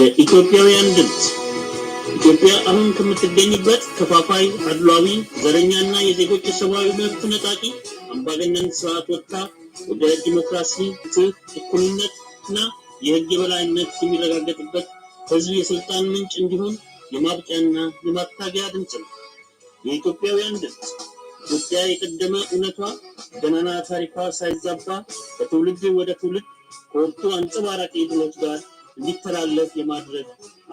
የኢትዮጵያውያን ድምፅ ኢትዮጵያ አሁን ከምትገኝበት ከፋፋይ አድሏዊ፣ ዘረኛና የዜጎች ሰብአዊ መብት ነጣቂ አምባገነን ስርዓት ወጥታ ወደ ዲሞክራሲ፣ ፍትህ፣ እኩልነት እና የህግ የበላይነት የሚረጋገጥበት ህዝብ የስልጣን ምንጭ እንዲሆን የማብቂያና የማታገያ ድምፅ ነው። የኢትዮጵያውያን ድምፅ ኢትዮጵያ የቀደመ እውነቷ ገናና ታሪኳ ሳይዛባ ከትውልድ ወደ ትውልድ ከወቅቱ አንጸባራቂ ድሎች ጋር እንዲተላለፍ የማድረግ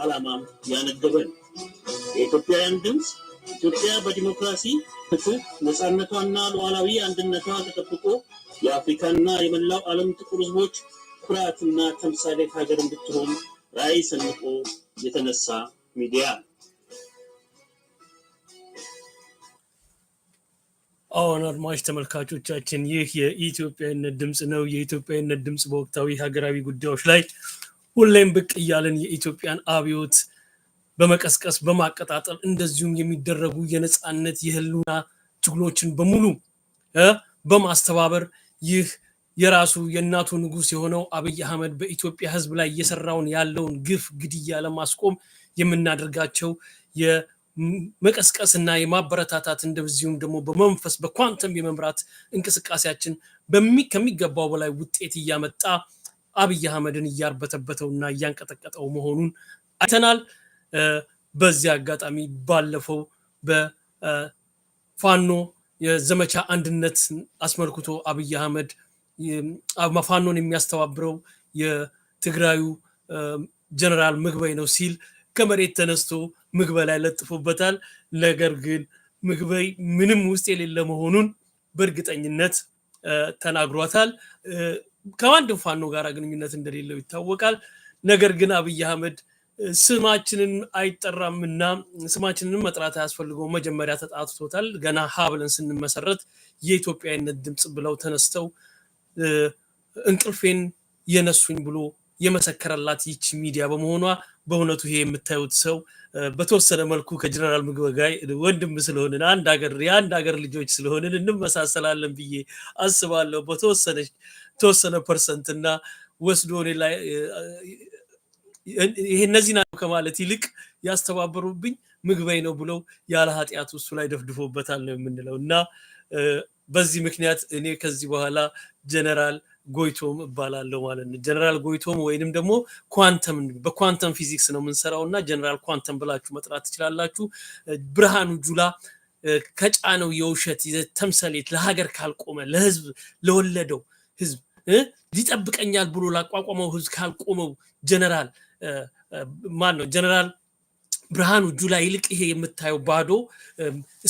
ዓላማም ያነገበ ነው። የኢትዮጵያውያን ድምፅ ኢትዮጵያ በዲሞክራሲ ፍትህ፣ ነፃነቷና ሉዓላዊ አንድነቷ ተጠብቆ የአፍሪካና የመላው ዓለም ጥቁር ሕዝቦች ኩራትና ተምሳሌት ሀገር እንድትሆን ራዕይ ሰንቆ የተነሳ ሚዲያ አሁን አድማጭ ተመልካቾቻችን ይህ የኢትዮጵያዊነት ድምፅ ነው። የኢትዮጵያዊነት ድምፅ በወቅታዊ ሀገራዊ ጉዳዮች ላይ ሁሌም ብቅ እያለን የኢትዮጵያን አብዮት በመቀስቀስ በማቀጣጠል እንደዚሁም የሚደረጉ የነፃነት የህልውና ትግሎችን በሙሉ በማስተባበር ይህ የራሱ የእናቱ ንጉስ የሆነው አብይ አህመድ በኢትዮጵያ ህዝብ ላይ እየሰራውን ያለውን ግፍ ግድያ ለማስቆም የምናደርጋቸው የመቀስቀስና የማበረታታት እንደዚሁም ደግሞ በመንፈስ በኳንተም የመምራት እንቅስቃሴያችን ከሚገባው በላይ ውጤት እያመጣ አብይ አህመድን እያርበተበተውና እያንቀጠቀጠው መሆኑን አይተናል። በዚህ አጋጣሚ ባለፈው በፋኖ የዘመቻ አንድነት አስመልክቶ አብይ አህመድ ፋኖን የሚያስተባብረው የትግራዩ ጀነራል ምግበይ ነው ሲል ከመሬት ተነስቶ ምግበይ ላይ ለጥፎበታል። ነገር ግን ምግበይ ምንም ውስጥ የሌለ መሆኑን በእርግጠኝነት ተናግሯታል። ከማንም ፋኖ ጋር ግንኙነት እንደሌለው ይታወቃል። ነገር ግን አብይ አህመድ ስማችንን አይጠራምና ስማችንን መጥራት አያስፈልገው መጀመሪያ ተጣትቶታል። ገና ሀ ብለን ስንመሰረት የኢትዮጵያዊነት ድምፅ ብለው ተነስተው እንቅልፌን የነሱኝ ብሎ የመሰከረላት ይቺ ሚዲያ በመሆኗ በእውነቱ ይሄ የምታዩት ሰው በተወሰነ መልኩ ከጀነራል ምግበ ጋይ ወንድም ስለሆንን አንድ ሀገር የአንድ ሀገር ልጆች ስለሆንን እንመሳሰላለን ብዬ አስባለሁ። በተወሰነ ፐርሰንት እና ወስዶ እኔ ላይ ይሄ እነዚህ ናቸው ከማለት ይልቅ ያስተባበሩብኝ ምግበይ ነው ብለው ያለ ኃጢአት እሱ ላይ ደፍድፎበታል ነው የምንለው እና በዚህ ምክንያት እኔ ከዚህ በኋላ ጀነራል ጎይቶም እባላለሁ ማለት ነው። ጀነራል ጎይቶም ወይንም ደግሞ ኳንተም በኳንተም ፊዚክስ ነው የምንሰራው እና ጀነራል ኳንተም ብላችሁ መጥራት ትችላላችሁ። ብርሃኑ ጁላ ከጫነው የውሸት ተምሰሌት ለሀገር ካልቆመ ለህዝብ ለወለደው ህዝብ ሊጠብቀኛል ብሎ ላቋቋመው ህዝብ ካልቆመው ጀነራል ማን ነው ጀነራል ብርሃኑ ጁላ ይልቅ ይሄ የምታየው ባዶ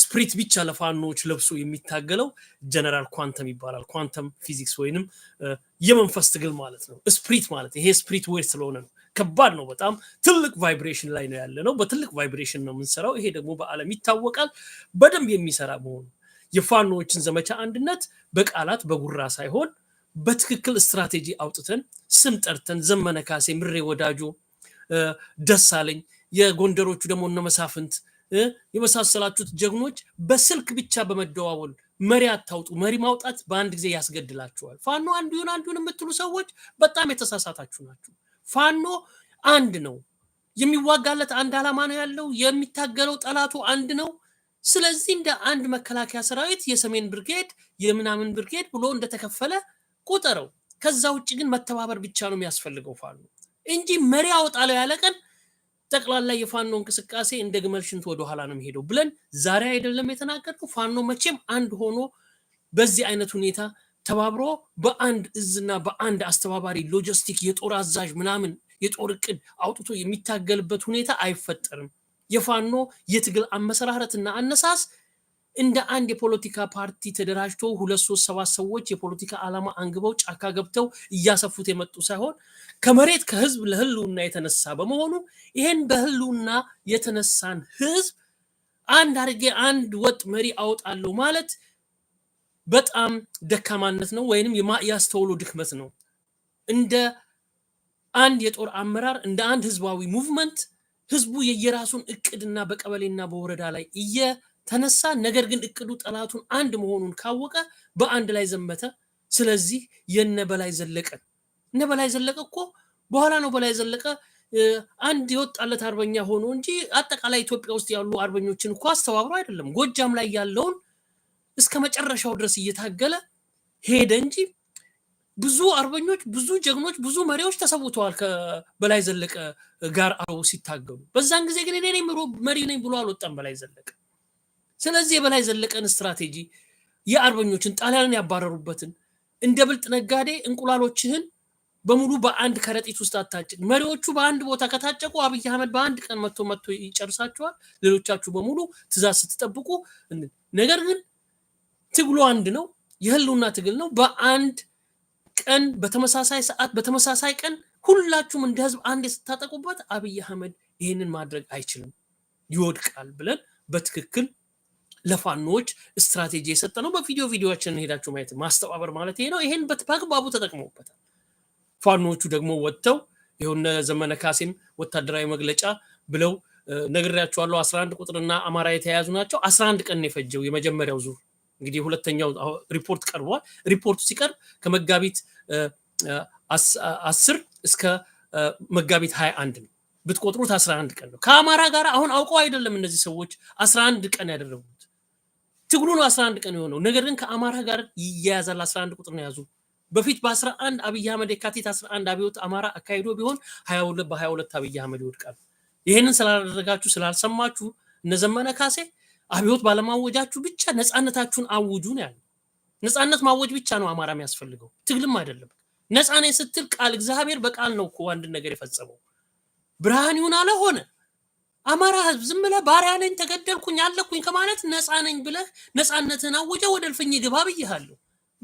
ስፕሪት ብቻ ለፋኖች ለብሶ የሚታገለው ጀነራል ኳንተም ይባላል። ኳንተም ፊዚክስ ወይንም የመንፈስ ትግል ማለት ነው። ስፕሪት ማለት ይሄ ስፕሪት ዌር ስለሆነ ነው። ከባድ ነው። በጣም ትልቅ ቫይብሬሽን ላይ ነው ያለ ነው። በትልቅ ቫይብሬሽን ነው የምንሰራው። ይሄ ደግሞ በአለም ይታወቃል በደንብ የሚሰራ መሆኑ የፋኖዎችን ዘመቻ አንድነት በቃላት በጉራ ሳይሆን በትክክል ስትራቴጂ አውጥተን ስም ጠርተን ዘመነ ካሴ፣ ምሬ ወዳጆ ደስ አለኝ፣ የጎንደሮቹ ደግሞ እነ መሳፍንት የመሳሰላችሁት ጀግኖች በስልክ ብቻ በመደዋወል መሪ አታውጡ። መሪ ማውጣት በአንድ ጊዜ ያስገድላችኋል። ፋኖ አንዱ ይሁን አንዱን የምትሉ ሰዎች በጣም የተሳሳታችሁ ናችሁ። ፋኖ አንድ ነው። የሚዋጋለት አንድ ዓላማ ነው ያለው። የሚታገለው ጠላቱ አንድ ነው። ስለዚህ እንደ አንድ መከላከያ ሰራዊት የሰሜን ብርጌድ የምናምን ብርጌድ ብሎ እንደተከፈለ ቁጠረው። ከዛ ውጭ ግን መተባበር ብቻ ነው የሚያስፈልገው ፋኖ እንጂ መሪ አወጣለው ያለ ቀን ጠቅላላ የፋኖ እንቅስቃሴ እንደ ግመል ሽንት ወደኋላ ነው የሚሄደው ብለን ዛሬ አይደለም የተናገርኩ። ፋኖ መቼም አንድ ሆኖ በዚህ አይነት ሁኔታ ተባብሮ በአንድ እዝና በአንድ አስተባባሪ ሎጂስቲክ የጦር አዛዥ ምናምን የጦር እቅድ አውጥቶ የሚታገልበት ሁኔታ አይፈጠርም። የፋኖ የትግል አመሰራረትና አነሳስ እንደ አንድ የፖለቲካ ፓርቲ ተደራጅቶ ሁለት ሶስት ሰባት ሰዎች የፖለቲካ ዓላማ አንግበው ጫካ ገብተው እያሰፉት የመጡ ሳይሆን ከመሬት ከህዝብ ለህልውና የተነሳ በመሆኑ ይሄን በህልውና የተነሳን ህዝብ አንድ አድርጌ አንድ ወጥ መሪ አውጣለው ማለት በጣም ደካማነት ነው ወይንም ያስተውሎ ድክመት ነው። እንደ አንድ የጦር አመራር እንደ አንድ ህዝባዊ ሙቭመንት ህዝቡ የየራሱን እቅድና በቀበሌና በወረዳ ላይ እየ ተነሳ። ነገር ግን እቅዱ ጠላቱን አንድ መሆኑን ካወቀ በአንድ ላይ ዘመተ። ስለዚህ የነ በላይ ዘለቀ እነ በላይ ዘለቀ እኮ በኋላ ነው በላይ ዘለቀ አንድ የወጣለት አርበኛ ሆኖ እንጂ አጠቃላይ ኢትዮጵያ ውስጥ ያሉ አርበኞችን እኮ አስተባብሮ አይደለም። ጎጃም ላይ ያለውን እስከ መጨረሻው ድረስ እየታገለ ሄደ እንጂ ብዙ አርበኞች፣ ብዙ ጀግኖች፣ ብዙ መሪዎች ተሰውተዋል ከበላይ ዘለቀ ጋር አብረው ሲታገሉ። በዛን ጊዜ ግን እኔ መሪ ነኝ ብሎ አልወጣም በላይ ዘለቀ። ስለዚህ የበላይ ዘለቀን ስትራቴጂ የአርበኞችን ጣሊያንን ያባረሩበትን እንደ ብልጥ ነጋዴ እንቁላሎችህን በሙሉ በአንድ ከረጢት ውስጥ አታጭቅ። መሪዎቹ በአንድ ቦታ ከታጨቁ አብይ አህመድ በአንድ ቀን መቶ መቶ ይጨርሳቸዋል። ሌሎቻችሁ በሙሉ ትእዛዝ ስትጠብቁ። ነገር ግን ትግሉ አንድ ነው፣ የህልውና ትግል ነው። በአንድ ቀን በተመሳሳይ ሰዓት በተመሳሳይ ቀን ሁላችሁም እንደ ህዝብ አንድ ስታጠቁበት አብይ አህመድ ይህንን ማድረግ አይችልም፣ ይወድቃል ብለን በትክክል ለፋኖች ስትራቴጂ የሰጠ ነው። በቪዲዮ ቪዲዮችን ሄዳችሁ ማየት ማስተባበር ማለት ይሄ ነው። ይሄን በአግባቡ ተጠቅመውበታል። ፋኖቹ ደግሞ ወጥተው የሆነ ዘመነ ካሴም ወታደራዊ መግለጫ ብለው ነግሬያቸዋለሁ። 11 ቁጥርና አማራ የተያያዙ ናቸው። 11 ቀን የፈጀው የመጀመሪያው ዙር እንግዲህ ሁለተኛው ሪፖርት ቀርቧል። ሪፖርቱ ሲቀርብ ከመጋቢት አስር እስከ መጋቢት 21 ነው ብትቆጥሩት 11 ቀን ነው። ከአማራ ጋር አሁን አውቀው አይደለም እነዚህ ሰዎች 11 ቀን ያደረጉ ትግሉ ነው 11 ቀን የሆነው። ነገር ግን ከአማራ ጋር ይያያዛል። 11 ቁጥር ነው የያዙ በፊት በ11 አብይ አህመድ የካቲት 11 አብዮት አማራ አካሂዶ ቢሆን 22 በ22 አብይ አህመድ ይወድቃል። ይህንን ስላደረጋችሁ ስላልሰማችሁ እነዘመነ ካሴ አብዮት ባለማወጃችሁ ብቻ ነፃነታችሁን አውጁ ነው ያለው። ነፃነት ማወጅ ብቻ ነው አማራ የሚያስፈልገው ትግልም አይደለም። ነፃ ስትል ቃል እግዚአብሔር በቃል ነው እኮ አንድን ነገር የፈጸመው። ብርሃን ይሁን አለ አማራ ህዝብ ዝም ብለህ ባሪያ ነኝ ተገደልኩኝ አለኩኝ ከማለት ነፃ ነኝ ብለህ ነፃነትህን አውጀ ወደ እልፍኝ ግባ ብያለሁ።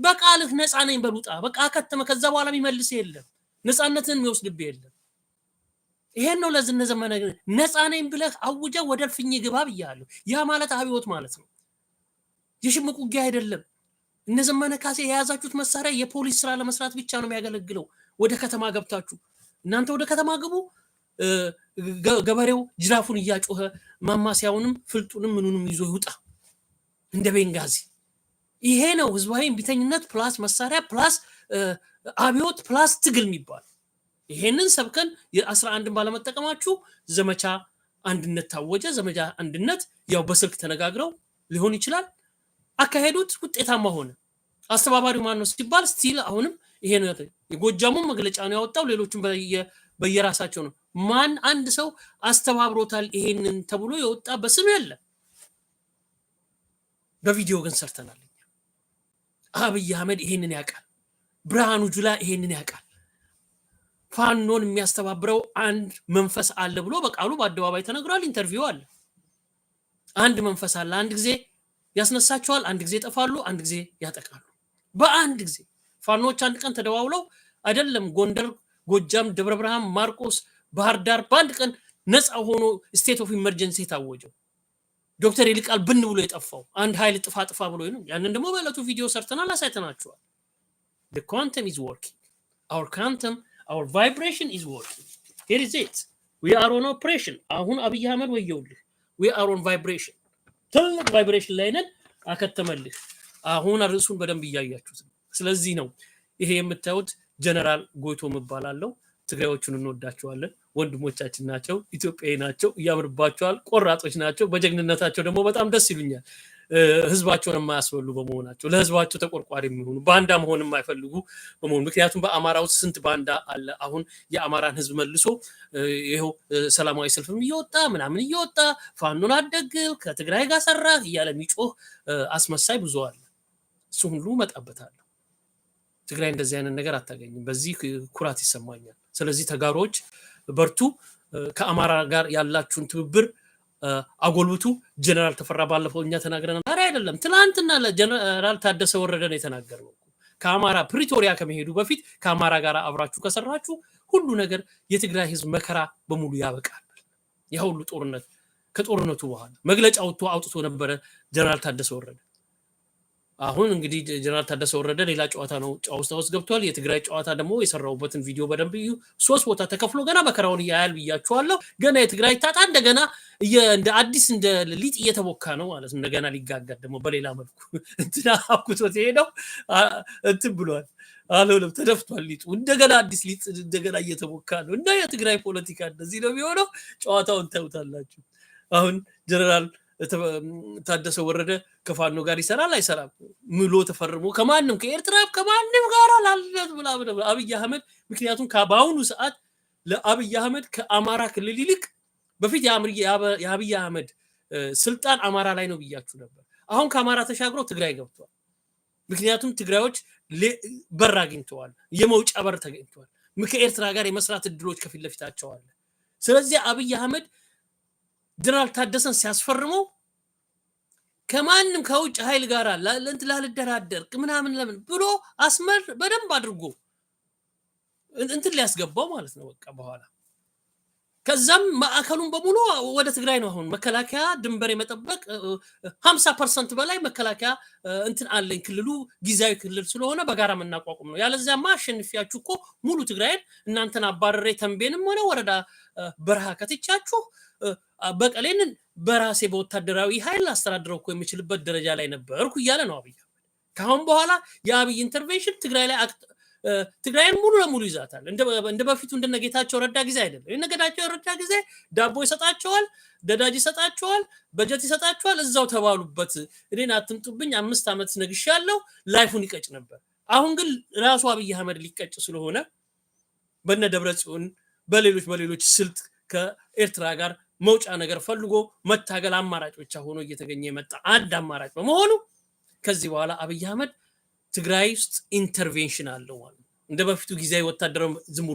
በቃልህ ነፃ ነኝ በሉጣ በቃ አከተመ። ከዛ በኋላ የሚመልስ የለም ነፃነትህን የሚወስድብህ የለም። ይሄን ነው ለዝነ ዘመነ ነፃ ነኝ ብለህ አውጀ ወደ እልፍኝ ግባ ብያለሁ። ያ ማለት አብዮት ማለት ነው። የሽምቅ ውጊያ አይደለም። እነ ዘመነ ካሴ የያዛችሁት መሳሪያ የፖሊስ ስራ ለመስራት ብቻ ነው የሚያገለግለው። ወደ ከተማ ገብታችሁ እናንተ ወደ ከተማ ግቡ ገበሬው ጅራፉን እያጮኸ ማማሲያውንም ፍልጡንም ምኑንም ይዞ ይውጣ እንደ ቤንጋዚ። ይሄ ነው ህዝባዊ እንቢተኝነት ፕላስ መሳሪያ ፕላስ አብዮት ፕላስ ትግል የሚባል። ይሄንን ሰብከን የአስራ አንድን ባለመጠቀማችሁ ዘመቻ አንድነት ታወጀ። ዘመቻ አንድነት ያው በስልክ ተነጋግረው ሊሆን ይችላል አካሄዱት ውጤታማ ሆነ። አስተባባሪው ማን ነው ሲባል ስቲል አሁንም ይሄ የጎጃሙን መግለጫ ነው ያወጣው። ሌሎችም በየራሳቸው ነው ማን አንድ ሰው አስተባብሮታል ይሄንን ተብሎ የወጣ በስም የለም። በቪዲዮ ግን ሰርተናል። አብይ አህመድ ይሄንን ያውቃል። ብርሃኑ ጁላ ይሄንን ያውቃል። ፋኖን የሚያስተባብረው አንድ መንፈስ አለ ብሎ በቃሉ በአደባባይ ተነግሯል። ኢንተርቪው አለ። አንድ መንፈስ አለ። አንድ ጊዜ ያስነሳቸዋል፣ አንድ ጊዜ ይጠፋሉ፣ አንድ ጊዜ ያጠቃሉ። በአንድ ጊዜ ፋኖች አንድ ቀን ተደዋውለው አይደለም ጎንደር፣ ጎጃም፣ ደብረ ብርሃን፣ ማርቆስ ባህር ዳር በአንድ ቀን ነፃ ሆኖ ስቴት ኦፍ ኢመርጀንሲ የታወጀው ዶክተር ይልቃል ብን ብሎ የጠፋው አንድ ኃይል ጥፋ ጥፋ ብሎ ነው። ያንን ደግሞ በዕለቱ ቪዲዮ ሰርተናል፣ አሳይተናችኋል። ኳንተም ኢዝ ወርኪንግ ኳንተም ቫይብሬሽን ኢዝ ወርኪንግ ሄር ኢዝ ኢት ዊ አር ኦን ኦፕሬሽን። አሁን አብይ አህመድ ወየውልህ፣ ዊ አር ኦን ቫይብሬሽን፣ ትልቅ ቫይብሬሽን ላይ ነን። አከተመልህ። አሁን ርዕሱን በደንብ እያያችሁት ነው። ስለዚህ ነው ይሄ የምታዩት ጀነራል ጎይቶም እባላለሁ። ትግራዮቹን እንወዳቸዋለን። ወንድሞቻችን ናቸው፣ ኢትዮጵያዊ ናቸው፣ እያምርባቸዋል። ቆራጦች ናቸው። በጀግንነታቸው ደግሞ በጣም ደስ ይሉኛል። ህዝባቸውን የማያስበሉ በመሆናቸው ለህዝባቸው ተቆርቋሪ የሚሆኑ ባንዳ መሆን የማይፈልጉ በመሆኑ ምክንያቱም በአማራ ውስጥ ስንት ባንዳ አለ። አሁን የአማራን ህዝብ መልሶ ይኸው ሰላማዊ ሰልፍም እየወጣ ምናምን እየወጣ ፋኖን አደግል ከትግራይ ጋር ሰራ እያለ የሚጮህ አስመሳይ ብዙ አለ። እሱ ሁሉ እመጣበታለሁ። ትግራይ እንደዚህ አይነት ነገር አታገኝም። በዚህ ኩራት ይሰማኛል። ስለዚህ ተጋሮዎች በርቱ፣ ከአማራ ጋር ያላችሁን ትብብር አጎልብቱ። ጀነራል ተፈራ ባለፈው እኛ ተናግረናል። ኧረ አይደለም ትናንትና ለጀነራል ታደሰ ወረደ ነው የተናገርነው። ከአማራ ፕሪቶሪያ ከመሄዱ በፊት ከአማራ ጋር አብራችሁ ከሰራችሁ ሁሉ ነገር የትግራይ ህዝብ መከራ በሙሉ ያበቃል። ያ ሁሉ ጦርነት ከጦርነቱ በኋላ መግለጫ አውጥቶ ነበረ ጀነራል ታደሰ ወረደ አሁን እንግዲህ ጀነራል ታደሰ ወረደ ሌላ ጨዋታ ነው ጫውስታ ውስጥ ገብቷል። የትግራይ ጨዋታ ደግሞ የሰራውበትን ቪዲዮ በደንብ እዩ። ሶስት ቦታ ተከፍሎ ገና መከራውን እያያል ብያችኋለሁ። ገና የትግራይ ታጣ እንደገና እንደ አዲስ እንደ ሊጥ እየተቦካ ነው ማለት እንደገና ሊጋገር ደግሞ በሌላ መልኩ እንትና አኩቶት ሄደው እንትን ብሏል አልሆነም፣ ተደፍቷል ሊጡ። እንደገና አዲስ ሊጥ እንደገና እየተቦካ ነው እና የትግራይ ፖለቲካ እንደዚህ ነው የሚሆነው። ጨዋታውን ታዩታላችሁ አሁን ጀነራል ታደሰ ወረደ ከፋኖ ጋር ይሰራል አይሰራም ምሎ ተፈርሞ ከማንም ከኤርትራ ከማንም ጋር ላለት ብላ አብይ አህመድ ምክንያቱም በአሁኑ ሰዓት ለአብይ አህመድ ከአማራ ክልል ይልቅ በፊት የአብይ አህመድ ስልጣን አማራ ላይ ነው ብያችሁ ነበር። አሁን ከአማራ ተሻግሮ ትግራይ ገብተዋል። ምክንያቱም ትግራዮች በር አግኝተዋል፣ የመውጫ በር ተገኝተዋል። ከኤርትራ ጋር የመስራት እድሎች ከፊት ለፊታቸው አለ። ስለዚህ አብይ አህመድ ድራል ታደሰን ሲያስፈርመው ከማንም ከውጭ ኃይል ጋር ለእንት ላልደራደር ምናምን ለምን ብሎ አስመር በደንብ አድርጎ እንትን ሊያስገባው ማለት ነው በቃ በኋላ ከዛም ማዕከሉን በሙሉ ወደ ትግራይ ነው። አሁን መከላከያ ድንበር የመጠበቅ ሀምሳ ፐርሰንት በላይ መከላከያ እንትን አለኝ። ክልሉ ጊዜያዊ ክልል ስለሆነ በጋራ የምናቋቁም ነው። ያለዚያማ አሸንፊያችሁ እኮ ሙሉ ትግራይን እናንተን አባረሬ ተንቤንም ሆነ ወረዳ በረሃ ከትቻችሁ በቀሌን በራሴ በወታደራዊ ኃይል አስተዳድረው እኮ የምችልበት ደረጃ ላይ ነበርኩ እያለ ነው አብይ። ከአሁን በኋላ የአብይ ኢንተርቬንሽን ትግራይ ላይ ትግራይን ሙሉ ለሙሉ ይዛታል። እንደ በፊቱ እንደነ ጌታቸው ረዳ ጊዜ አይደለም። እነ ጌታቸው ረዳ ጊዜ ዳቦ ይሰጣቸዋል፣ ደዳጅ ይሰጣቸዋል፣ በጀት ይሰጣቸዋል። እዛው ተባሉበት። እኔን አትምጡብኝ፣ አምስት ዓመት ነግሻለሁ። ላይፉን ይቀጭ ነበር። አሁን ግን ራሱ አብይ አህመድ ሊቀጭ ስለሆነ በነ ደብረ ጽዮን በሌሎች በሌሎች ስልት ከኤርትራ ጋር መውጫ ነገር ፈልጎ መታገል አማራጭ ብቻ ሆኖ እየተገኘ የመጣ አንድ አማራጭ በመሆኑ ከዚህ በኋላ አብይ አህመድ ትግራይ ውስጥ ኢንተርቬንሽን አለው ማለት ነው። እንደ በፊቱ ጊዜያዊ ወታደራዊ ዝም